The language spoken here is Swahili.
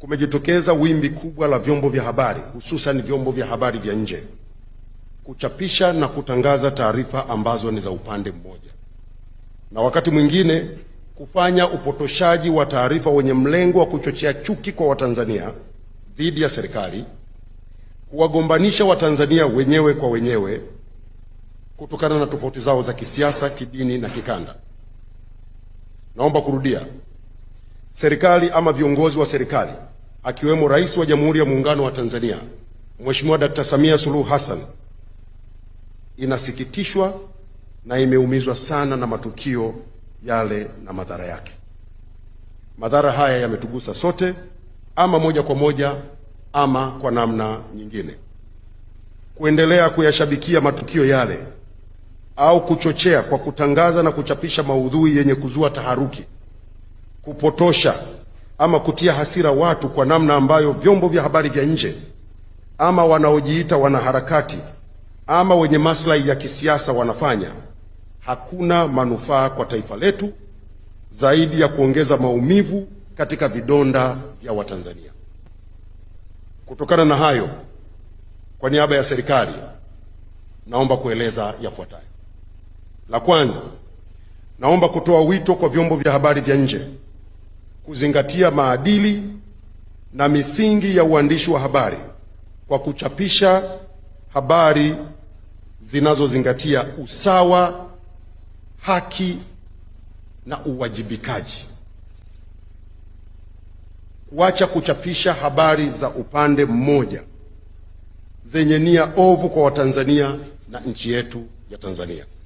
kumejitokeza wimbi kubwa la vyombo vya habari hususan vyombo vya habari vya nje kuchapisha na kutangaza taarifa ambazo ni za upande mmoja na wakati mwingine kufanya upotoshaji wa taarifa wenye mlengo wa kuchochea chuki kwa Watanzania dhidi ya serikali, kuwagombanisha Watanzania wenyewe kwa wenyewe kutokana na tofauti zao za kisiasa, kidini na kikanda. Naomba kurudia, serikali ama viongozi wa serikali akiwemo Rais wa Jamhuri ya Muungano wa Tanzania Mheshimiwa Dkt. Samia Suluhu Hassan inasikitishwa na imeumizwa sana na matukio yale na madhara yake. Madhara haya yametugusa sote, ama moja kwa moja, ama kwa namna nyingine. Kuendelea kuyashabikia matukio yale au kuchochea kwa kutangaza na kuchapisha maudhui yenye kuzua taharuki, kupotosha ama kutia hasira watu kwa namna ambayo vyombo vya habari vya nje ama wanaojiita wanaharakati ama wenye maslahi ya kisiasa wanafanya, hakuna manufaa kwa taifa letu zaidi ya kuongeza maumivu katika vidonda vya Watanzania. Kutokana na hayo, kwa niaba ya serikali naomba kueleza yafuatayo. La kwanza, naomba kutoa wito kwa vyombo vya habari vya nje kuzingatia maadili na misingi ya uandishi wa habari kwa kuchapisha habari zinazozingatia usawa, haki na uwajibikaji, kuacha kuchapisha habari za upande mmoja zenye nia ovu kwa Watanzania na nchi yetu ya Tanzania.